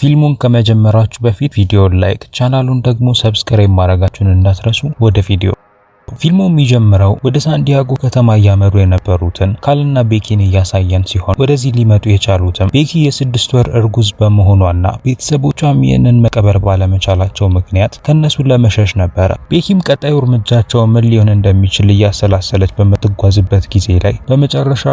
ፊልሙን ከመጀመራችሁ በፊት ቪዲዮን ላይክ ቻናሉን ደግሞ ሰብስክራይብ ማድረጋችሁን እንዳትረሱ። ወደ ቪዲዮ ፊልሙ የሚጀምረው ወደ ሳንዲያጎ ከተማ እያመሩ የነበሩትን ካልና ቤኪን እያሳየን ሲሆን ወደዚህ ሊመጡ የቻሉትም ቤኪ የስድስት ወር እርጉዝ በመሆኗና ቤተሰቦቿም ይህንን መቀበር ባለመቻላቸው ምክንያት ከነሱ ለመሸሽ ነበረ። ቤኪም ቀጣዩ እርምጃቸው ምን ሊሆን እንደሚችል እያሰላሰለች በምትጓዝበት ጊዜ ላይ በመጨረሻ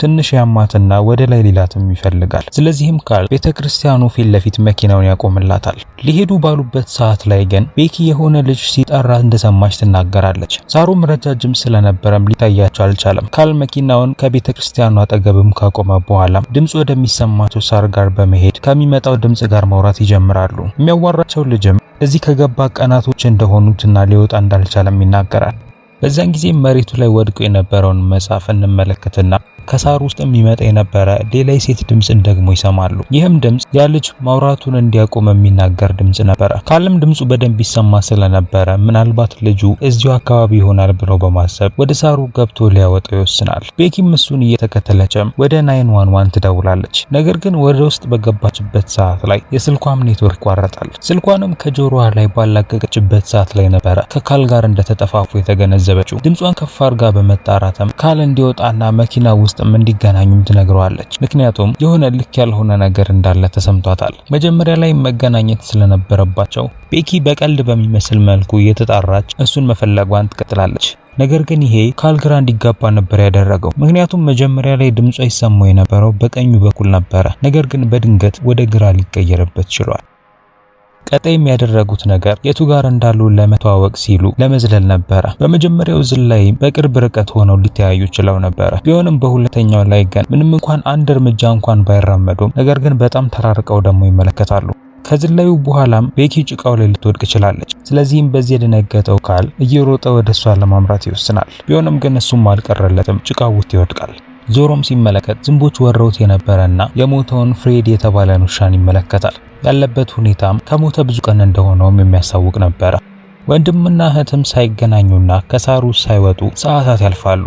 ትንሽ ያማትና ወደ ላይ ሊላትም ይፈልጋል። ስለዚህም ካል ቤተ ክርስቲያኑ ፊት ለፊት መኪናውን ያቆምላታል። ሊሄዱ ባሉበት ሰዓት ላይ ግን ቤኪ የሆነ ልጅ ሲጠራ እንደሰማች ትናገራለች። ሳሩም ረጃጅም ስለነበረም ሊታያቸው አልቻለም። ካል መኪናውን ከቤተ ክርስቲያኑ አጠገብም ካቆመ በኋላ ድምፅ ወደሚሰማቸው ሳር ጋር በመሄድ ከሚመጣው ድምፅ ጋር ማውራት ይጀምራሉ። የሚያዋራቸው ልጅም እዚህ ከገባ ቀናቶች እንደሆኑትና ሊወጣ እንዳልቻለም ይናገራል። በዚያን ጊዜ መሬቱ ላይ ወድቆ የነበረውን መጽሐፍ እንመለከትና ከሳር ውስጥ የሚመጣ የነበረ ሌላ የሴት ድምፅን ደግሞ ይሰማሉ። ይህም ድምፅ ያ ልጅ ማውራቱን እንዲያቆም የሚናገር ድምፅ ነበረ። ካለም ድምፁ በደንብ ይሰማ ስለነበረ ምናልባት ልጁ እዚሁ አካባቢ ይሆናል ብሎ በማሰብ ወደ ሳሩ ገብቶ ሊያወጣው ይወስናል። ቤኪም እሱን እየተከተለችም ወደ ናይን ዋን ዋን ትደውላለች። ነገር ግን ወደ ውስጥ በገባችበት ሰዓት ላይ የስልኳም ኔትወርክ ይቋረጣል። ስልኳንም ከጆሮዋ ላይ ባላገቀችበት ሰዓት ላይ ነበረ ከካል ጋር እንደተጠፋፉ የተገነዘበችው። ድምጿን ከፍ አድርጋ በመጣራትም ካል እንዲወጣና መኪና ውስጥ ውስጥም እንዲገናኙም ትነግረዋለች። ምክንያቱም የሆነ ልክ ያልሆነ ነገር እንዳለ ተሰምቷታል። መጀመሪያ ላይ መገናኘት ስለነበረባቸው ቤኪ በቀልድ በሚመስል መልኩ እየተጣራች እሱን መፈለጓን ትቀጥላለች። ነገር ግን ይሄ ካልግራ እንዲጋባ ነበር ያደረገው። ምክንያቱም መጀመሪያ ላይ ድምጿ ይሰማው የነበረው በቀኙ በኩል ነበረ። ነገር ግን በድንገት ወደ ግራ ሊቀየርበት ችሏል። ቀጣይ ያደረጉት ነገር የቱ ጋር እንዳሉ ለመተዋወቅ ሲሉ ለመዝለል ነበረ። በመጀመሪያው ዝላይ በቅርብ ርቀት ሆነው ሊተያዩ ችለው ነበረ። ቢሆንም በሁለተኛው ላይ ግን ምንም እንኳን አንድ እርምጃ እንኳን ባይራመዱም፣ ነገር ግን በጣም ተራርቀው ደግሞ ይመለከታሉ። ከዝላዩ በኋላም ቤኪ ጭቃው ላይ ልትወድቅ ችላለች። ስለዚህም በዚህ የደነገጠው ካል እየሮጠ ወደ እሷ ለማምራት ይወስናል። ቢሆንም ግን እሱም አልቀረለትም፣ ጭቃው ውስጥ ይወድቃል። ዞሮም ሲመለከት ዝንቦች ወረውት የነበረና የሞተውን ፍሬድ የተባለን ውሻን ይመለከታል። ያለበት ሁኔታም ከሞተ ብዙ ቀን እንደሆነውም የሚያሳውቅ ነበረ። ወንድምና እህትም ሳይገናኙና ከሳሩ ሳይወጡ ሰዓታት ያልፋሉ።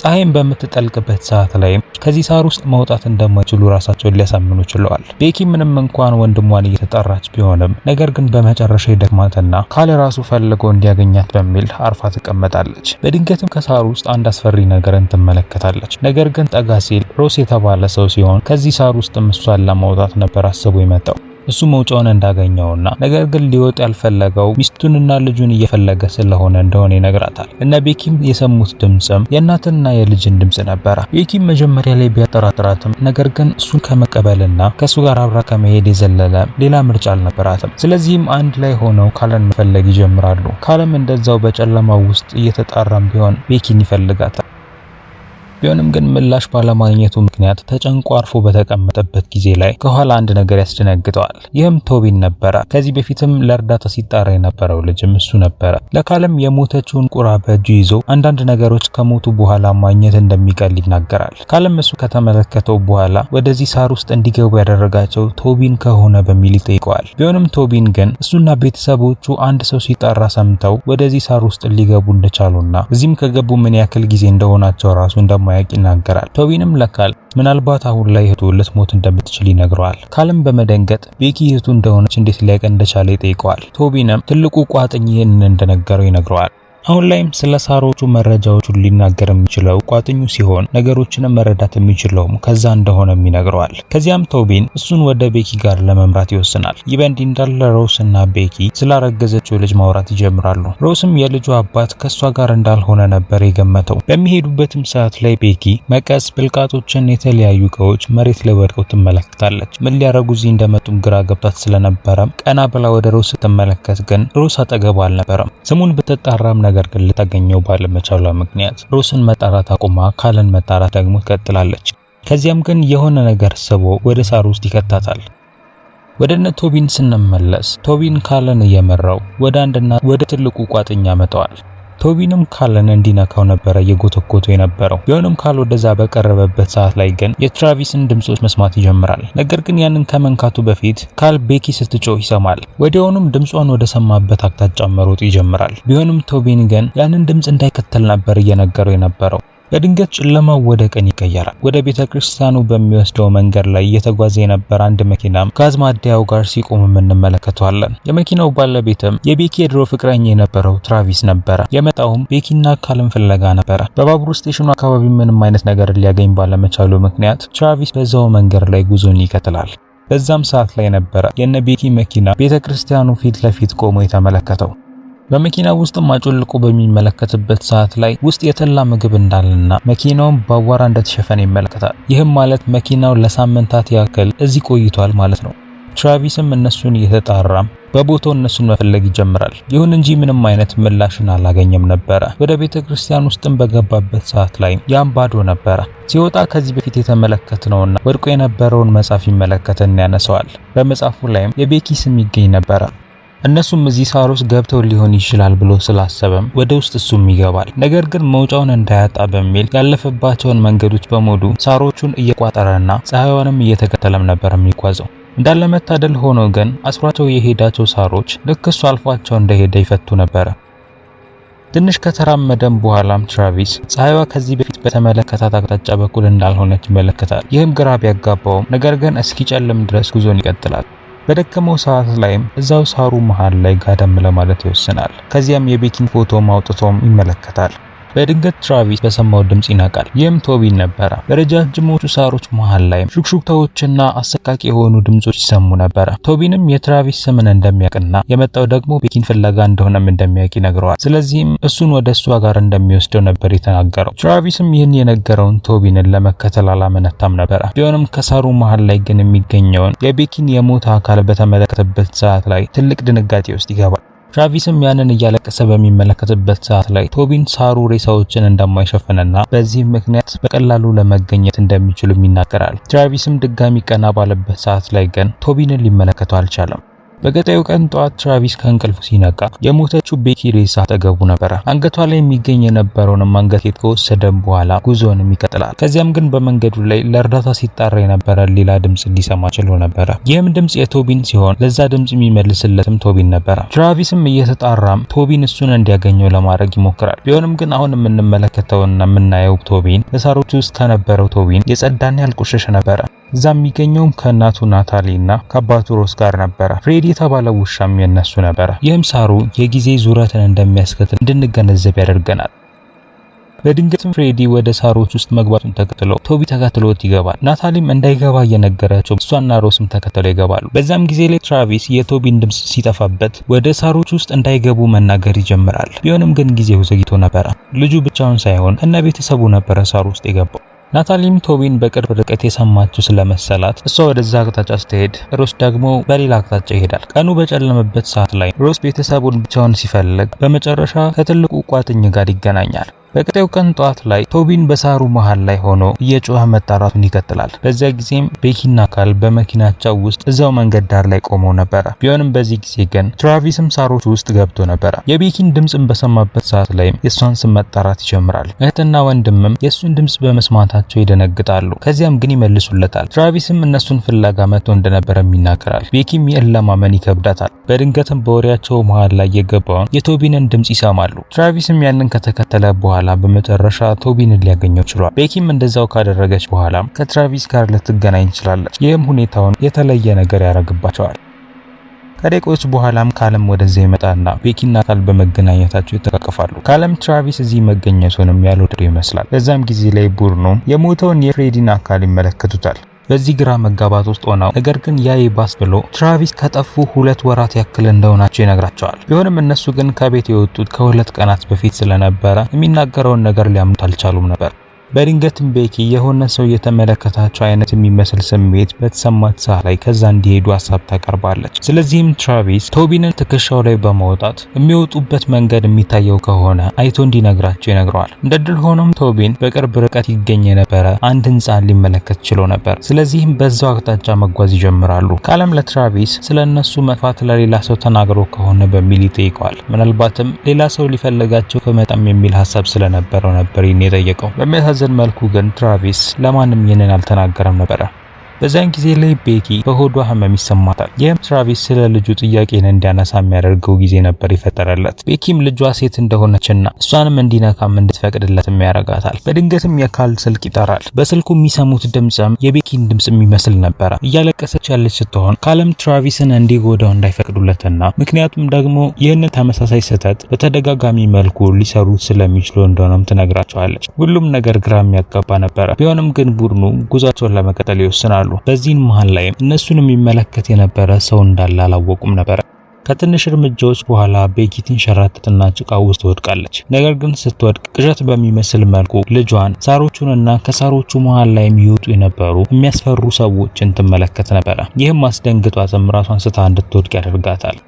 ፀሐይን በምትጠልቅበት ሰዓት ላይ ከዚህ ሳር ውስጥ መውጣት እንደማይችሉ ራሳቸውን ሊያሳምኑ ችለዋል። ቤኪ ምንም እንኳን ወንድሟን እየተጠራች ቢሆንም ነገር ግን በመጨረሻ ይደክማትና ካለ ራሱ ፈልጎ እንዲያገኛት በሚል አርፋ ትቀመጣለች። በድንገትም ከሳር ውስጥ አንድ አስፈሪ ነገርን ትመለከታለች። ነገር ግን ጠጋ ሲል ሮስ የተባለ ሰው ሲሆን ከዚህ ሳር ውስጥ እሷን ለማውጣት ነበር አስቦ የመጣው። እሱ መውጫውን እንዳገኘውና ነገር ግን ሊወጥ ያልፈለገው ሚስቱንና ልጁን እየፈለገ ስለሆነ እንደሆነ ይነግራታል። እነ ቤኪም የሰሙት ድምፅም የእናትና የልጅን ድምፅ ነበረ። ቤኪም መጀመሪያ ላይ ቢያጠራጥራትም ነገር ግን እሱን ከመቀበልና ከእሱ ጋር አብራ ከመሄድ የዘለለ ሌላ ምርጫ አልነበራትም። ስለዚህም አንድ ላይ ሆነው ካለን መፈለግ ይጀምራሉ። ካለም እንደዛው በጨለማው ውስጥ እየተጣራም ቢሆን ቤኪን ይፈልጋታል። ቢሆንም ግን ምላሽ ባለማግኘቱ ምክንያት ተጨንቆ አርፎ በተቀመጠበት ጊዜ ላይ ከኋላ አንድ ነገር ያስደነግጠዋል። ይህም ቶቢን ነበረ። ከዚህ በፊትም ለእርዳታ ሲጣራ የነበረው ልጅም እሱ ነበረ። ለካለም የሞተችውን ቁራ በእጁ ይዞ አንዳንድ ነገሮች ከሞቱ በኋላ ማግኘት እንደሚቀል ይናገራል። ካለም እሱ ከተመለከተው በኋላ ወደዚህ ሳር ውስጥ እንዲገቡ ያደረጋቸው ቶቢን ከሆነ በሚል ይጠይቀዋል። ቢሆንም ቶቢን ግን እሱና ቤተሰቦቹ አንድ ሰው ሲጣራ ሰምተው ወደዚህ ሳር ውስጥ ሊገቡ እንደቻሉና እዚህም ከገቡ ምን ያክል ጊዜ እንደሆናቸው ራሱ እንደማ እንደማያውቅ ይናገራል። ቶቢንም ለካል ምናልባት አሁን ላይ እህቱ ልትሞት እንደምትችል ይነግረዋል። ካልም በመደንገጥ ቤኪ እህቱ እንደሆነች እንዴት ሊያውቅ እንደቻለ ይጠይቀዋል። ቶቢንም ትልቁ ቋጥኝ ይህንን እንደነገረው ይነግረዋል። አሁን ላይም ስለ ሳሮቹ መረጃዎቹን ሊናገር የሚችለው ቋጥኙ ሲሆን ነገሮችንም መረዳት የሚችለውም ከዛ እንደሆነም ይነግረዋል። ከዚያም ቶቢን እሱን ወደ ቤኪ ጋር ለመምራት ይወስናል። ይህ በእንዲህ እንዳለ ሮስ እና ቤኪ ስላረገዘችው ልጅ ማውራት ይጀምራሉ። ሮስም የልጁ አባት ከእሷ ጋር እንዳልሆነ ነበር የገመተው። በሚሄዱበትም ሰዓት ላይ ቤኪ መቀስ፣ ብልቃጦችን፣ የተለያዩ እቃዎች መሬት ላይ ወድቀው ትመለከታለች። ምን ሊያረጉ እዚህ እንደመጡም ግራ ገብታት ስለነበረም ቀና ብላ ወደ ሮስ ስትመለከት ግን ሮስ አጠገቡ አልነበረም። ስሙን ብትጣራም ነገር ግን ልታገኘው ባለመቻሏ ምክንያት ሩስን መጣራት አቁማ ካልን መጣራት ደግሞ ትቀጥላለች። ከዚያም ግን የሆነ ነገር ስቦ ወደ ሳር ውስጥ ይከታታል። ወደ እነ ቶቢን ስንመለስ ቶቢን ካለን እየመራው ወደ አንድና ወደ ትልቁ ቋጥኝ ያመጣዋል። ቶቢንም ካለን እንዲነካው ነበረ እየጎተጎቶ የነበረው። ቢሆንም ካል ወደዛ በቀረበበት ሰዓት ላይ ግን የትራቪስን ድምጾች መስማት ይጀምራል። ነገር ግን ያንን ከመንካቱ በፊት ካል ቤኪ ስትጮህ ይሰማል። ወዲያውኑም ድምጿን ወደ ሰማበት አቅጣጫ መሮጥ ይጀምራል። ቢሆንም ቶቢን ግን ያንን ድምጽ እንዳይከተል ነበር እየነገረው የነበረው። በድንገት ጨለማው ወደ ቀን ይቀየራል። ወደ ቤተ ክርስቲያኑ በሚወስደው መንገድ ላይ እየተጓዘ የነበረ አንድ መኪናም ጋዝ ጋር ሲቆምም እንመለከተዋለን። የመኪናው ባለቤትም የቤኪ የድሮ ፍቅረኛ የነበረው ትራቪስ ነበረ። የመጣውም ቤኪና ካልም ፍለጋ ነበረ። በባቡር ስቴሽኑ አካባቢ ምንም አይነት ነገር ሊያገኝ ባለመቻሉ ምክንያት ትራቪስ በዛው መንገድ ላይ ጉዞን ይቀጥላል። በዛም ሰዓት ላይ ነበረ የነ ቤኪ መኪና ቤተ ክርስቲያኑ ፊት ለፊት ቆሞ የተመለከተው። በመኪና ውስጥ አጮልቆ በሚመለከትበት ሰዓት ላይ ውስጥ የተላ ምግብ እንዳለና መኪናውን በአቧራ እንደተሸፈነ ይመለከታል። ይህም ማለት መኪናው ለሳምንታት ያክል እዚህ ቆይቷል ማለት ነው። ትራቪስም እነሱን እየተጣራም በቦታው እነሱን መፈለግ ይጀምራል። ይሁን እንጂ ምንም አይነት ምላሽን አላገኘም ነበረ። ወደ ቤተ ክርስቲያን ውስጥም በገባበት ሰዓት ላይ ያም ባዶ ነበረ። ሲወጣ ከዚህ በፊት የተመለከትነውና ወድቆ የነበረውን መጽሐፍ ይመለከትና ያነሰዋል። በመጽሐፉ ላይም የቤኪ ስም ይገኝ ነበረ። እነሱም እዚህ ሳር ውስጥ ገብተው ሊሆን ይችላል ብሎ ስላሰበም ወደ ውስጥ እሱም ይገባል። ነገር ግን መውጫውን እንዳያጣ በሚል ያለፈባቸውን መንገዶች በሙሉ ሳሮቹን እየቋጠረና ፀሐይዋንም እየተከተለም ነበር የሚጓዘው። እንዳለመታደል ሆኖ ግን አስሯቸው የሄዳቸው ሳሮች ልክ እሱ አልፏቸው እንደሄደ ይፈቱ ነበረ። ትንሽ ከተራመደም በኋላም ትራቪስ ፀሐይዋ ከዚህ በፊት በተመለከታት አቅጣጫ በኩል እንዳልሆነች ይመለከታል። ይህም ግራ ቢያጋባውም ነገር ግን እስኪጨልም ድረስ ጉዞን ይቀጥላል። በደከመው ሰዓት ላይም እዛው ሳሩ መሃል ላይ ጋደም ለማለት ይወስናል። ከዚያም የቤኪን ፎቶም አውጥቶም ይመለከታል። በድንገት ትራቪስ በሰማው ድምጽ ይነቃል። ይህም ቶቢን ነበረ። በረጃጅሞቹ ሳሮች መሃል ላይ ሹክሹክታዎችና አሰቃቂ የሆኑ ድምጾች ይሰሙ ነበረ። ቶቢንም የትራቪስ ስምን እንደሚያውቅና የመጣው ደግሞ ቤኪን ፍለጋ እንደሆነም እንደሚያውቅ ይነግረዋል። ስለዚህም እሱን ወደ እሷ ጋር እንደሚወስደው ነበር የተናገረው። ትራቪስም ይህን የነገረውን ቶቢንን ለመከተል አላመነታም ነበረ። ቢሆንም ከሳሩ መሃል ላይ ግን የሚገኘውን የቤኪን የሞት አካል በተመለከተበት ሰዓት ላይ ትልቅ ድንጋጤ ውስጥ ይገባል። ትራቪስም ያንን እያለቀሰ በሚመለከትበት ሰዓት ላይ ቶቢን ሳሩ ሬሳዎችን እንደማይሸፍንና በዚህ ምክንያት በቀላሉ ለመገኘት እንደሚችሉም ይናገራል። ትራቪስም ድጋሚ ቀና ባለበት ሰዓት ላይ ግን ቶቢንን ሊመለከተው አልቻለም። በቀጣዩ ቀን ጠዋት ትራቪስ ከእንቅልፉ ሲነቃ የሞተችው ቤኪ ሬሳ አጠገቡ ነበረ። አንገቷ ላይ የሚገኝ የነበረውንም አንገት ጌጥ ከወሰደም በኋላ ጉዞን ይቀጥላል። ከዚያም ግን በመንገዱ ላይ ለእርዳታ ሲጣራ የነበረ ሌላ ድምፅ ሊሰማ ችሎ ነበረ። ይህም ድምፅ የቶቢን ሲሆን ለዛ ድምፅ የሚመልስለትም ቶቢን ነበረ። ትራቪስም እየተጣራም ቶቢን እሱን እንዲያገኘው ለማድረግ ይሞክራል። ቢሆንም ግን አሁን የምንመለከተውና የምናየው ቶቢን በሳሮች ውስጥ ከነበረው ቶቢን የጸዳና ያልቆሸሸ ነበረ። እዛ የሚገኘውም ከእናቱ ናታሊ እና ከአባቱ ሮስ ጋር ነበረ። ፍሬድ የተባለ ውሻም የነሱ ነበረ። ይህም ሳሩ የጊዜ ዙረትን እንደሚያስከትል እንድንገነዘብ ያደርገናል። በድንገትም ፍሬዲ ወደ ሳሮች ውስጥ መግባቱን ተከትሎ ቶቢ ተከትሎት ይገባል። ናታሊም እንዳይገባ እየነገረቸው እሷና ሮስም ተከትለው ይገባሉ። በዛም ጊዜ ላይ ትራቪስ የቶቢን ድምፅ ሲጠፋበት ወደ ሳሮች ውስጥ እንዳይገቡ መናገር ይጀምራል። ቢሆንም ግን ጊዜው ዘግይቶ ነበረ። ልጁ ብቻውን ሳይሆን እነ ቤተሰቡ ነበረ ሳሩ ውስጥ የገባው። ናታሊም ቶቢን በቅርብ ርቀት የሰማችው ስለመሰላት እሷ ወደዛ አቅጣጫ ስትሄድ ሮስ ደግሞ በሌላ አቅጣጫ ይሄዳል። ቀኑ በጨለመበት ሰዓት ላይ ሮስ ቤተሰቡን ብቻውን ሲፈልግ በመጨረሻ ከትልቁ ቋጥኝ ጋር ይገናኛል። በቀጣዩ ቀን ጠዋት ላይ ቶቢን በሳሩ መሃል ላይ ሆኖ እየጮኸ መጣራቱን ይቀጥላል። በዚያ ጊዜም ቤኪና ካል በመኪናቸው ውስጥ እዛው መንገድ ዳር ላይ ቆመው ነበረ። ቢሆንም በዚህ ጊዜ ግን ትራቪስም ሳሮች ውስጥ ገብቶ ነበረ። የቤኪን ድምፅን በሰማበት ሰዓት ላይም የእሷን ስም መጣራት ይጀምራል። እህትና ወንድምም የእሱን ድምፅ በመስማታቸው ይደነግጣሉ። ከዚያም ግን ይመልሱለታል። ትራቪስም እነሱን ፍለጋ መጥቶ እንደነበረም ይናገራል። ቤኪም ለማመን ይከብዳታል። በድንገትም በወሬያቸው መሃል ላይ የገባውን የቶቢንን ድምፅ ይሰማሉ። ትራቪስም ያንን ከተከተለ በኋላ በኋላ በመጨረሻ ቶቢን ሊያገኘው ችሏል። ቤኪም እንደዛው ካደረገች በኋላ ከትራቪስ ጋር ልትገናኝ ትችላለች። ይህም ሁኔታውን የተለየ ነገር ያደርግባቸዋል። ከደቂቆች በኋላም ካለም ወደዚህ ይመጣና ቤኪና ካል በመገናኘታቸው ይተቃቀፋሉ። ካለም ትራቪስ እዚህ መገኘቱንም ያልወደደው ይመስላል። በዛም ጊዜ ላይ ቡርኖ የሞተውን የፍሬዲን አካል ይመለከቱታል። በዚህ ግራ መጋባት ውስጥ ሆነው ነገር ግን ያ ይባስ ብሎ ትራቪስ ከጠፉ ሁለት ወራት ያክል እንደሆናቸው ይነግራቸዋል። ቢሆንም እነሱ ግን ከቤት የወጡት ከሁለት ቀናት በፊት ስለነበረ የሚናገረውን ነገር ሊያምኑት አልቻሉም ነበር። በድንገትም ቤኪ የሆነ ሰው የተመለከታቸው አይነት የሚመስል ስሜት በተሰማት ሰዓት ላይ ከዛ እንዲሄዱ ሀሳብ ታቀርባለች። ስለዚህም ትራቪስ ቶቢንን ትከሻው ላይ በማውጣት የሚወጡበት መንገድ የሚታየው ከሆነ አይቶ እንዲነግራቸው ይነግረዋል። እንደ ድል ሆኖም ቶቢን በቅርብ ርቀት ይገኝ የነበረ አንድ ህንፃን ሊመለከት ችሎ ነበር። ስለዚህም በዛው አቅጣጫ መጓዝ ይጀምራሉ። ካለም ለትራቪስ ስለ እነሱ መጥፋት ለሌላ ሰው ተናግሮ ከሆነ በሚል ይጠይቀዋል። ምናልባትም ሌላ ሰው ሊፈልጋቸው ከመጣም የሚል ሀሳብ ስለነበረው ነበር ይህን የጠየቀው። በሚያሳዝን መልኩ ግን ትራቪስ ለማንም ይህንን አልተናገረም ነበረ። በዛን ጊዜ ላይ ቤኪ በሆዷ ህመም ይሰማታል። ይህም ትራቪስ ስለ ልጁ ጥያቄን እንዲያነሳ የሚያደርገው ጊዜ ነበር ይፈጠረለት። ቤኪም ልጇ ሴት እንደሆነችና እሷንም እንዲነካም እንድትፈቅድለትም ያረጋታል። በድንገትም የካል ስልክ ይጠራል። በስልኩ የሚሰሙት ድምፅም የቤኪን ድምፅ የሚመስል ነበረ። እያለቀሰች ያለች ስትሆን ካለም ትራቪስን እንዲጎዳው እንዳይፈቅዱለትና ምክንያቱም ደግሞ ይህንን ተመሳሳይ ስህተት በተደጋጋሚ መልኩ ሊሰሩት ስለሚችሉ እንደሆነም ትነግራቸዋለች። ሁሉም ነገር ግራ የሚያጋባ ነበረ። ቢሆንም ግን ቡድኑ ጉዟቸውን ለመቀጠል ይወስናሉ። ይችላሉ። በዚህን መሃል ላይም እነሱን የሚመለከት የነበረ ሰው እንዳለ አላወቁም ነበር። ከትንሽ እርምጃዎች በኋላ ቤኪ ትንሸራተትና ጭቃ ውስጥ ትወድቃለች። ነገር ግን ስትወድቅ ቅዠት በሚመስል መልኩ ልጇን፣ ሳሮቹንና ከሳሮቹ መሃል ላይ የሚወጡ የነበሩ የሚያስፈሩ ሰዎችን ትመለከት ነበረ። ይህም አስደንግጧትም ራሷን ስታ እንድትወድቅ ያደርጋታል።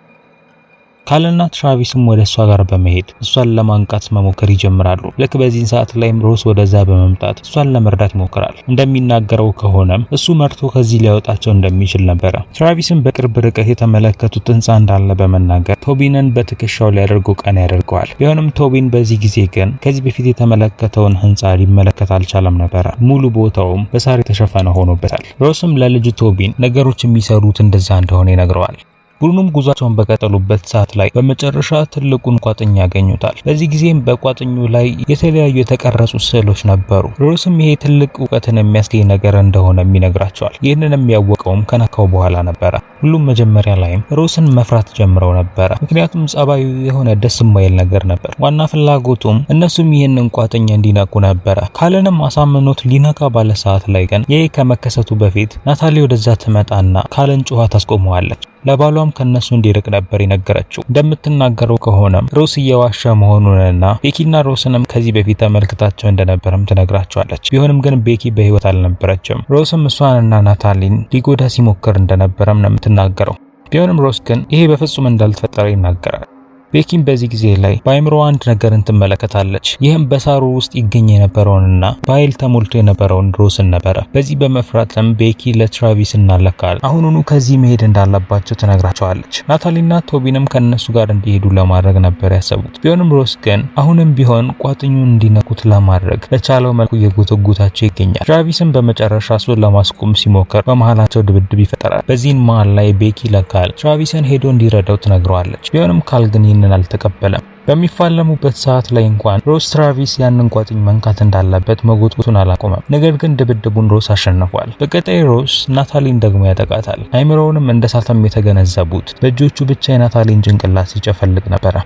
ካልና ትራቪስም ወደ እሷ ጋር በመሄድ እሷን ለማንቃት መሞከር ይጀምራሉ። ልክ በዚህን ሰዓት ላይም ሮስ ወደዛ በመምጣት እሷን ለመርዳት ይሞክራል። እንደሚናገረው ከሆነም እሱ መርቶ ከዚህ ሊያወጣቸው እንደሚችል ነበረ። ትራቪስም በቅርብ ርቀት የተመለከቱት ህንፃ እንዳለ በመናገር ቶቢንን በትከሻው ሊያደርገው ቀና ያደርገዋል። ቢሆንም ቶቢን በዚህ ጊዜ ግን ከዚህ በፊት የተመለከተውን ህንፃ ሊመለከት አልቻለም ነበረ። ሙሉ ቦታውም በሳር የተሸፈነ ሆኖበታል። ሮስም ለልጁ ቶቢን ነገሮች የሚሰሩት እንደዛ እንደሆነ ይነግረዋል። ቡድኑም ጉዟቸውን በቀጠሉበት ሰዓት ላይ በመጨረሻ ትልቁን ቋጥኝ ያገኙታል። በዚህ ጊዜም በቋጥኙ ላይ የተለያዩ የተቀረጹ ስዕሎች ነበሩ። ሮስም ይሄ ትልቅ እውቀትን የሚያስገኝ ነገር እንደሆነም ይነግራቸዋል። ይህንን የሚያወቀውም ከነካው በኋላ ነበረ። ሁሉም መጀመሪያ ላይም ሮስን መፍራት ጀምረው ነበረ። ምክንያቱም ጸባዩ የሆነ ደስ የማይል ነገር ነበር። ዋና ፍላጎቱም እነሱም ይህንን ቋጥኝ እንዲነቁ ነበረ። ካለንም አሳምኖት ሊነካ ባለ ሰዓት ላይ ግን ይህ ከመከሰቱ በፊት ናታሊ ወደዛ ትመጣና ካለን ጩኋ ታስቆመዋለች። ለባሏም ከነሱ እንዲርቅ ነበር የነገረችው። እንደምትናገረው ከሆነም ሮስ እየዋሸ መሆኑንና ቤኪና ሮስንም ከዚህ በፊት ተመልክታቸው እንደነበረም ትነግራቸዋለች። ቢሆንም ግን ቤኪ በህይወት አልነበረችም። ሮስም እሷንና ናታሊን ሊጎዳ ሲሞክር እንደነበረም ነው የምትናገረው። ቢሆንም ሮስ ግን ይሄ በፍጹም እንዳልተፈጠረ ይናገራል። ቤኪም በዚህ ጊዜ ላይ በአይምሮ አንድ ነገርን ትመለከታለች። ይህም በሳሩ ውስጥ ይገኝ የነበረውንና በኃይል ተሞልቶ የነበረውን ድሮስን ነበረ። በዚህ በመፍራትም ቤኪ ለትራቪስ እናለካል ለካል አሁኑኑ ከዚህ መሄድ እንዳለባቸው ትነግራቸዋለች። ናታሊና ቶቢንም ከነሱ ጋር እንዲሄዱ ለማድረግ ነበር ያሰቡት። ቢሆንም ሮስ ግን አሁንም ቢሆን ቋጥኙን እንዲነኩት ለማድረግ በቻለው መልኩ እየጎተጎታቸው ይገኛል። ትራቪስም በመጨረሻ እሱን ለማስቆም ሲሞክር በመሃላቸው ድብድብ ይፈጠራል። በዚህን መሃል ላይ ቤኪ ለካል ትራቪስን ሄዶ እንዲረዳው ትነግረዋለች። ቢሆንም ካል ግን ይህንን አልተቀበለም። በሚፋለሙበት ሰዓት ላይ እንኳን ሮስ ትራቪስ ያንን ቋጥኝ መንካት እንዳለበት መጎትጎቱን አላቆመም። ነገር ግን ድብድቡን ሮስ አሸንፏል። በቀጣይ ሮስ ናታሊን ደግሞ ያጠቃታል። አይምሮውንም እንደሳተም የተገነዘቡት በእጆቹ ብቻ የናታሊን ጭንቅላት ሲጨፈልቅ ነበረ።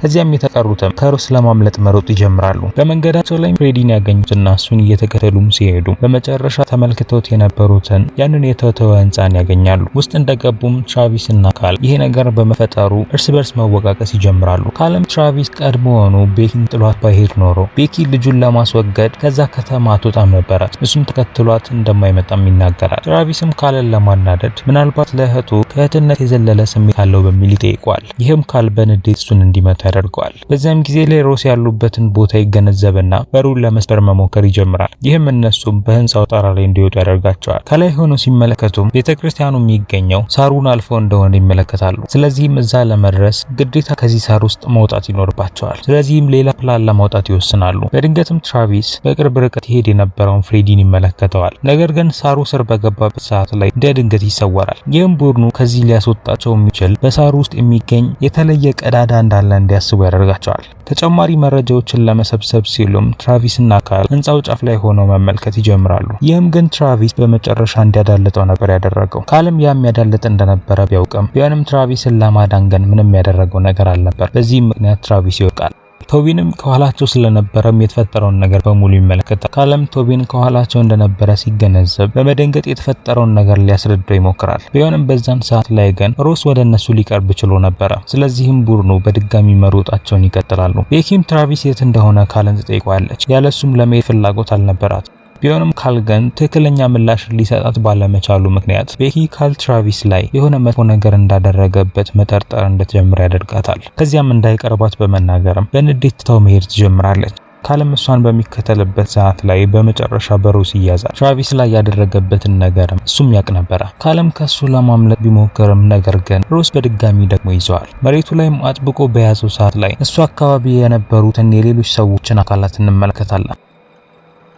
ከዚያም የተቀሩትም ከሩስ ለማምለጥ መሮጥ ይጀምራሉ። በመንገዳቸው ላይ ፍሬዲን ያገኙትና እሱን እየተከተሉም ሲሄዱ በመጨረሻ ተመልክተውት የነበሩትን ያንን የተተወ ህንፃን ያገኛሉ። ውስጥ እንደገቡም ትራቪስ እና ካል ይሄ ነገር በመፈጠሩ እርስ በርስ መወቃቀስ ይጀምራሉ። ካልም ትራቪስ ቀድሞ ሆኖ ቤኪን ጥሏት ባሄድ ኖሮ ቤኪ ልጁን ለማስወገድ ከዛ ከተማ አትወጣም ነበረ። እሱም ተከትሏት እንደማይመጣም ይናገራል። ትራቪስም ካልን ለማናደድ ምናልባት ለእህቱ ከእህትነት የዘለለ ስሜት አለው በሚል ይጠይቋል። ይህም ካል በንዴት እሱን እንዲመታ ያደርገዋል። በዚያም ጊዜ ላይ ሮስ ያሉበትን ቦታ ይገነዘብና በሩን ለመስበር መሞከር ይጀምራል። ይህም እነሱም በህንፃው ጣራ ላይ እንዲወጡ ያደርጋቸዋል። ከላይ ሆኖ ሲመለከቱም ቤተክርስቲያኑ የሚገኘው ሳሩን አልፎ እንደሆነ ይመለከታሉ። ስለዚህም እዛ ለመድረስ ግዴታ ከዚህ ሳር ውስጥ መውጣት ይኖርባቸዋል። ስለዚህም ሌላ ፕላን ለማውጣት ይወስናሉ። በድንገትም ትራቪስ በቅርብ ርቀት ይሄድ የነበረውን ፍሬዲን ይመለከተዋል። ነገር ግን ሳሩ ስር በገባበት ሰዓት ላይ እንደ ድንገት ይሰወራል። ይህም ቡድኑ ከዚህ ሊያስወጣቸው የሚችል በሳሩ ውስጥ የሚገኝ የተለየ ቀዳዳ እንዳለ እንዲ እንዲያስቡ ያደርጋቸዋል። ተጨማሪ መረጃዎችን ለመሰብሰብ ሲሉም ትራቪስና ካል ህንፃው ጫፍ ላይ ሆነው መመልከት ይጀምራሉ። ይህም ግን ትራቪስ በመጨረሻ እንዲያዳልጠው ነበር ያደረገው። ካልም ያም ያዳልጥ እንደነበረ ቢያውቅም ቢሆንም ትራቪስን ለማዳን ግን ምንም ያደረገው ነገር አልነበር። በዚህም ምክንያት ትራቪስ ይወቃል። ቶቢንም ከኋላቸው ስለነበረም የተፈጠረውን ነገር በሙሉ ይመለከታል። ካለም ቶቢን ከኋላቸው እንደነበረ ሲገነዘብ በመደንገጥ የተፈጠረውን ነገር ሊያስረዳው ይሞክራል። ቢሆንም በዛን ሰዓት ላይ ግን ሮስ ወደ እነሱ ሊቀርብ ችሎ ነበረ። ስለዚህም ቡድኑ በድጋሚ መሮጣቸውን ይቀጥላሉ። ቤኪም ትራቪስ የት እንደሆነ ካለን ትጠይቀዋለች። ያለሱም ለመሄድ ፍላጎት አልነበራት። ቢሆንም ካልገን ትክክለኛ ምላሽ ሊሰጣት ባለመቻሉ ምክንያት ቤኪ ካል ትራቪስ ላይ የሆነ መጥፎ ነገር እንዳደረገበት መጠርጠር እንደተጀምረ ያደርጋታል። ከዚያም እንዳይቀርባት በመናገርም በንዴት ትታው መሄድ ትጀምራለች። ካለም እሷን በሚከተልበት ሰዓት ላይ በመጨረሻ በሩስ ይያዛል። ትራቪስ ላይ ያደረገበትን ነገርም እሱም ያቅ ነበረ። ካለም ከሱ ለማምለጥ ቢሞክርም ነገር ግን ሮስ በድጋሚ ደግሞ ይዘዋል። መሬቱ ላይም አጥብቆ በያዘው ሰዓት ላይ እሱ አካባቢ የነበሩትን የሌሎች ሰዎችን አካላት እንመለከታለን።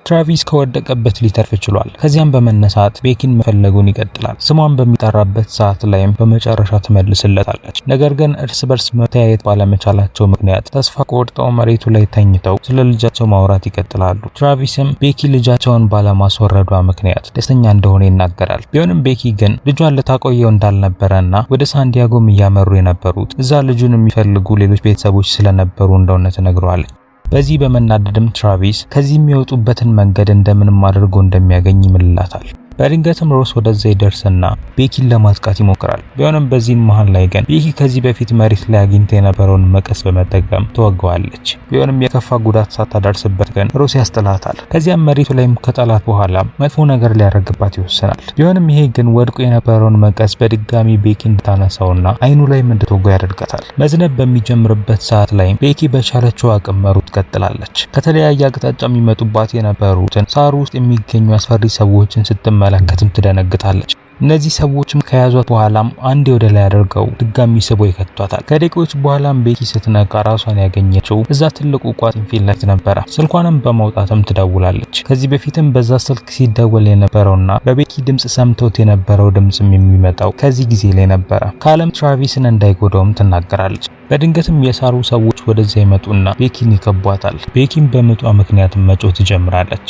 ትራቪስ ከወደቀበት ሊተርፍ ችሏል። ከዚያም በመነሳት ቤኪን መፈለጉን ይቀጥላል። ስሟን በሚጠራበት ሰዓት ላይም በመጨረሻ ትመልስለታለች። ነገር ግን እርስ በርስ መተያየት ባለመቻላቸው ምክንያት ተስፋ ቆርጠው መሬቱ ላይ ተኝተው ስለ ልጃቸው ማውራት ይቀጥላሉ። ትራቪስም ቤኪ ልጃቸውን ባለማስወረዷ ምክንያት ደስተኛ እንደሆነ ይናገራል። ቢሆንም ቤኪ ግን ልጇን ልታቆየው እንዳልነበረና ወደ ሳንዲያጎም እያመሩ የነበሩት እዛ ልጁን የሚፈልጉ ሌሎች ቤተሰቦች ስለነበሩ እንደሆነ ትነግረዋለች። በዚህ በመናደድም ትራቪስ ከዚህ የሚወጡበትን መንገድ እንደምንም አድርጎ እንደሚያገኝ ይምልላታል። በድንገትም ሮስ ወደዛ ይደርስና ቤኪን ለማጥቃት ይሞክራል። ቢሆንም በዚህ መሃል ላይ ግን ቤኪ ከዚህ በፊት መሬት ላይ አግኝታ የነበረውን መቀስ በመጠቀም ትወገዋለች። ቢሆንም የከፋ ጉዳት ሳታደርስበት ግን ሮስ ያስጥላታል። ከዚያም መሬቱ ላይም ከጠላት በኋላ መጥፎ ነገር ሊያደርግባት ይወስናል። ቢሆንም ይሄ ግን ወድቆ የነበረውን መቀስ በድጋሚ ቤኪ እንድታነሳውና አይኑ ላይም እንድትወጋ ያደርጋታል። መዝነብ በሚጀምርበት ሰዓት ላይ ቤኪ በቻለችው አቅም መሮጥ ትቀጥላለች። ከተለያየ አቅጣጫ የሚመጡባት የነበሩትን ሳሩ ውስጥ የሚገኙ አስፈሪ ሰዎችን ስትመ ስትመለከትም ትደነግጣለች። እነዚህ ሰዎችም ከያዟት በኋላም አንዴ ወደ ላይ አድርገው ድጋሚ ስቦ ይከቷታል። ከደቂቆች በኋላም ቤኪ ስትነቃ ራሷን ያገኘችው እዛ ትልቁ ቋጥኝ ፊት ላይ ነበረ። ስልኳንም በማውጣትም ትደውላለች። ከዚህ በፊትም በዛ ስልክ ሲደወል የነበረውና በቤቲ ድምፅ ሰምተውት የነበረው ድምፅም የሚመጣው ከዚህ ጊዜ ላይ ነበረ። ከአለም ትራቪስን እንዳይጎዳውም ትናገራለች። በድንገትም የሳሩ ሰዎች ወደዚያ ይመጡና ቤኪን ይከቧታል። ቤኪን በምጧ ምክንያትም መጮ ትጀምራለች።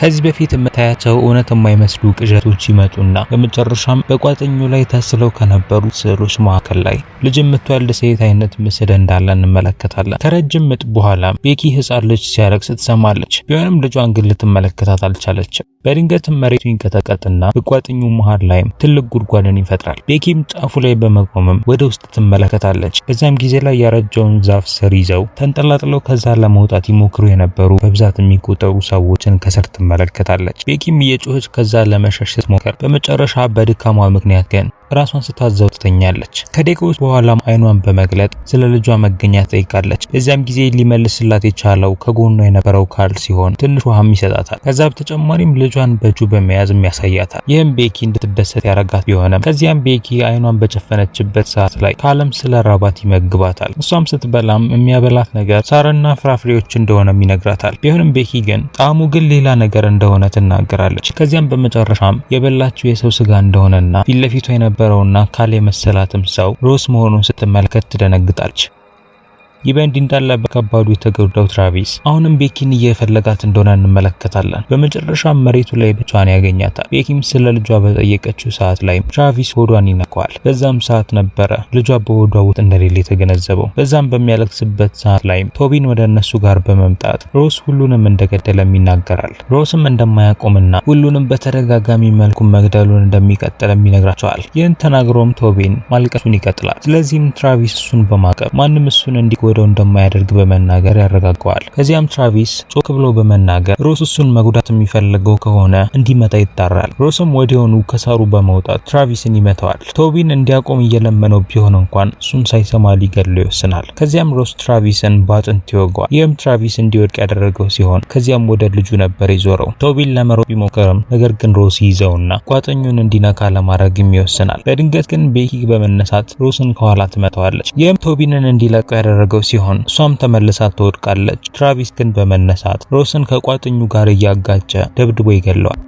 ከዚህ በፊት የምታያቸው እውነት የማይመስሉ ቅዠቶች ይመጡና በመጨረሻም በቋጥኙ ላይ ተስለው ከነበሩ ስዕሎች መካከል ላይ ልጅ የምትወልድ ሴት አይነት ምስል እንዳለ እንመለከታለን። ከረጅም ምጥ በኋላ ቤኪ ህፃን ልጅ ሲያለቅስ ትሰማለች። ቢሆንም ልጇን ግን ልትመለከታት አልቻለችም። በድንገት መሬቱ ይንቀጠቀጥና በቋጥኙ መሃል ላይም ትልቅ ጉድጓድን ይፈጥራል። ቤኪም ጫፉ ላይ በመቆምም ወደ ውስጥ ትመለከታለች። በዚያም ጊዜ ላይ ያረጀውን ዛፍ ስር ይዘው ተንጠላጥለው ከዛ ለመውጣት ይሞክሩ የነበሩ በብዛት የሚቆጠሩ ሰዎችን ከስር ትመለከታለች። ቤኪም እየጮኸች ከዛ ለመሸሽ ስትሞከር በመጨረሻ በድካሟ ምክንያት ግን ራሷን ስታዘው ትተኛለች። ከደቂቃዎች በኋላ አይኗን በመግለጥ ስለ ልጇ መገኛ ትጠይቃለች። በዚያም ጊዜ ሊመልስላት የቻለው ከጎኗ የነበረው ካርል ሲሆን ትንሽ ውሃም ይሰጣታል። ከዛ በተጨማሪም ልጇን በእጁ በመያዝም ያሳያታል። ይህም ቤኪ እንድትደሰት ያረጋት ቢሆንም ከዚያም ቤኪ አይኗን በጨፈነችበት ሰዓት ላይ ካለም ስለ ራባት ይመግባታል። እሷም ስትበላም የሚያበላት ነገር ሳርና ፍራፍሬዎች እንደሆነም ይነግራታል። ቢሆንም ቤኪ ግን ጣዕሙ ግን ሌላ ነገር እንደሆነ ትናገራለች። ከዚያም በመጨረሻም የበላችው የሰው ስጋ እንደሆነና ፊት ለፊቷ የነበ የነበረውና ካል የመሰላትም ሰው ሮስ መሆኑን ስትመለከት ትደነግጣለች። ይህ በእንዲህ እንዳለ በከባዱ የተጎዳው ትራቪስ አሁንም ቤኪን እየፈለጋት እንደሆነ እንመለከታለን። በመጨረሻ መሬቱ ላይ ብቻዋን ያገኛታል። ቤኪም ስለ ልጇ በጠየቀችው ሰዓት ላይ ትራቪስ ሆዷን ይነካዋል። በዛም ሰዓት ነበረ ልጇ በሆዷ ውስጥ እንደሌለ የተገነዘበው። በዛም በሚያለቅስበት ሰዓት ላይ ቶቢን ወደ እነሱ ጋር በመምጣት ሮስ ሁሉንም እንደገደለም ይናገራል። ሮስም እንደማያቆምና ሁሉንም በተደጋጋሚ መልኩ መግደሉን እንደሚቀጥልም ይነግራቸዋል። ይህን ተናግሮም ቶቢን ማልቀሱን ይቀጥላል። ስለዚህም ትራቪስ እሱን በማቀብ ማንም እሱን እንዲጎ ሊጎዳው እንደማያደርግ በመናገር ያረጋገዋል። ከዚያም ትራቪስ ጮክ ብሎ በመናገር ሮስ እሱን መጉዳት የሚፈልገው ከሆነ እንዲመጣ ይጣራል። ሮስም ወዲያውኑ ከሳሩ በመውጣት ትራቪስን ይመታዋል። ቶቢን እንዲያቆም እየለመነው ቢሆን እንኳን እሱን ሳይሰማ ሊገድለው ይወስናል። ከዚያም ሮስ ትራቪስን በአጥንት ይወገዋል። ይህም ትራቪስ እንዲወድቅ ያደረገው ሲሆን ከዚያም ወደ ልጁ ነበር ይዞረው። ቶቢን ለመሮጥ ቢሞክርም ነገር ግን ሮስ ይዘውና ቋጠኙን እንዲነካ ለማድረግም ይወስናል። በድንገት ግን ቤኪ በመነሳት ሮስን ከኋላ ትመታዋለች። ይህም ቶቢንን እንዲለቀው ያደረገው የምትገለው ሲሆን እሷም ተመልሳ ትወድቃለች። ትራቪስ ግን በመነሳት ሮስን ከቋጥኙ ጋር እያጋጨ ደብድቦ ይገለዋል።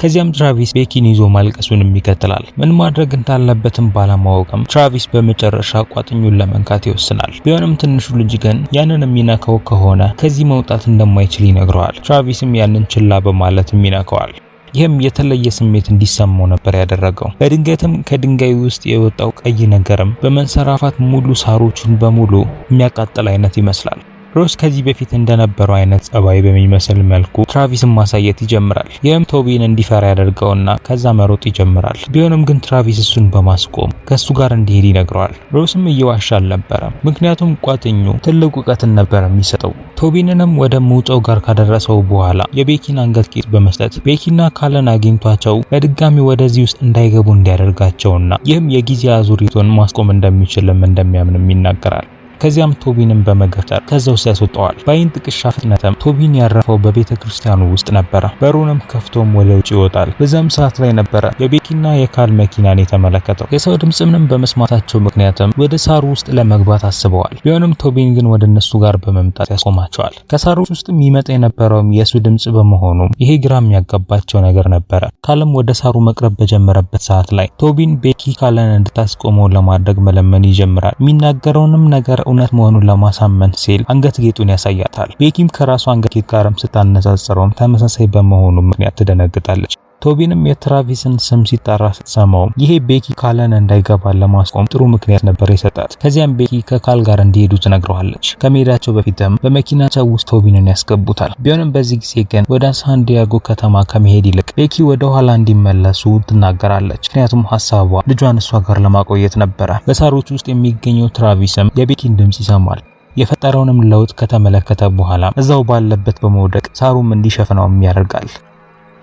ከዚያም ትራቪስ ቤኪን ይዞ ማልቀሱንም ይቀጥላል። ምን ማድረግ እንዳለበትም ባለማወቅም ትራቪስ በመጨረሻ ቋጥኙን ለመንካት ይወስናል። ቢሆንም ትንሹ ልጅ ግን ያንን የሚነካው ከሆነ ከዚህ መውጣት እንደማይችል ይነግረዋል። ትራቪስም ያንን ችላ በማለት ይነካዋል። ይህም የተለየ ስሜት እንዲሰማው ነበር ያደረገው። በድንገትም ከድንጋይ ውስጥ የወጣው ቀይ ነገርም በመንሰራፋት ሙሉ ሳሮችን በሙሉ የሚያቃጥል አይነት ይመስላል። ሮስ ከዚህ በፊት እንደነበረው አይነት ጸባይ በሚመስል መልኩ ትራቪስን ማሳየት ይጀምራል። ይህም ቶቢን እንዲፈራ ያደርገውና ከዛ መሮጥ ይጀምራል። ቢሆንም ግን ትራቪስ እሱን በማስቆም ከእሱ ጋር እንዲሄድ ይነግረዋል። ሮስም እየዋሻ አልነበረም፣ ምክንያቱም ቋጥኙ ትልቅ እውቀትን ነበር የሚሰጠው። ቶቢንንም ወደ መውጫው ጋር ካደረሰው በኋላ የቤኪን አንገት ጌጥ በመስጠት ቤኪና ካለን አግኝቷቸው በድጋሚ ወደዚህ ውስጥ እንዳይገቡ እንዲያደርጋቸውና ይህም የጊዜ አዙሪቱን ማስቆም እንደሚችልም እንደሚያምንም ይናገራል። ከዚያም ቶቢንን በመገፍተር ከዛው ሲያስወጣዋል። በአይን ጥቅሻ ፍጥነትም ቶቢን ያረፈው በቤተ ክርስቲያኑ ውስጥ ነበረ። በሩንም ከፍቶም ወደ ውጭ ይወጣል። በዛም ሰዓት ላይ ነበረ የቤኪና የካል መኪናን የተመለከተው። የሰው ድምጽንም በመስማታቸው ምክንያትም ወደ ሳሩ ውስጥ ለመግባት አስበዋል። ቢሆንም ቶቢን ግን ወደ እነሱ ጋር በመምጣት ያስቆማቸዋል። ከሳሮች ውስጥ የሚመጣ የነበረውም የእሱ ድምፅ በመሆኑም ይሄ ግራም ያጋባቸው ነገር ነበረ። ካልም ወደ ሳሩ መቅረብ በጀመረበት ሰዓት ላይ ቶቢን ቤኪ ካለን እንድታስቆመው ለማድረግ መለመን ይጀምራል። የሚናገረውንም ነገር እውነት መሆኑን ለማሳመን ሲል አንገት ጌጡን ያሳያታል። ቤኪም ከራሱ አንገት ጌጥ ጋርም ስታነጻጽረውም ተመሳሳይ በመሆኑ ምክንያት ትደነግጣለች። ቶቢንም የትራቪስን ስም ሲጠራ ስትሰማው ይሄ ቤኪ ካለን እንዳይገባ ለማስቆም ጥሩ ምክንያት ነበር የሰጣት። ከዚያም ቤኪ ከካል ጋር እንዲሄዱ ትነግረዋለች። ከመሄዳቸው በፊትም በመኪናቸው ውስጥ ቶቢንን ያስገቡታል። ቢሆንም በዚህ ጊዜ ግን ወደ ሳንዲያጎ ከተማ ከመሄድ ይልቅ ቤኪ ወደ ኋላ እንዲመለሱ ትናገራለች። ምክንያቱም ሀሳቧ ልጇን እሷ ጋር ለማቆየት ነበረ። በሳሮች ውስጥ የሚገኘው ትራቪስም የቤኪን ድምፅ ይሰማል። የፈጠረውንም ለውጥ ከተመለከተ በኋላ እዛው ባለበት በመውደቅ ሳሩም እንዲሸፍነውም ያደርጋል።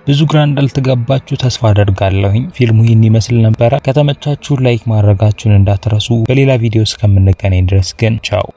ብዙ ግራ እንዳልተጋባችሁ ተስፋ አደርጋለሁኝ። ፊልሙ ይህን ይመስል ነበረ። ከተመቻችሁ ላይክ ማድረጋችሁን እንዳትረሱ። በሌላ ቪዲዮ እስከምንገናኝ ድረስ ግን ቻው።